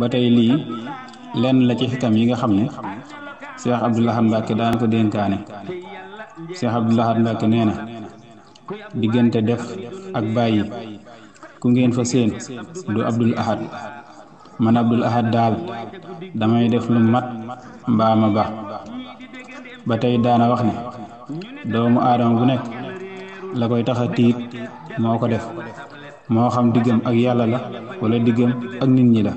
ba tey lii lenn la ci xikam yi nga xam ne Cheikh Abdoul Ahad Mbacké daan ko dénkaane Cheikh Abdoul Ahad Mbacké nee na diggante def ak bàyyi ku ngeen fa seen du Abdoul Ahad man Abdoul Ahad daal damay def lu mat mbaa ma ba tey daana wax ne doomu aadama bu nekk la koy tax a tiit moo ko def moo xam diggam ak yàlla la wala diggam ak nit ñi la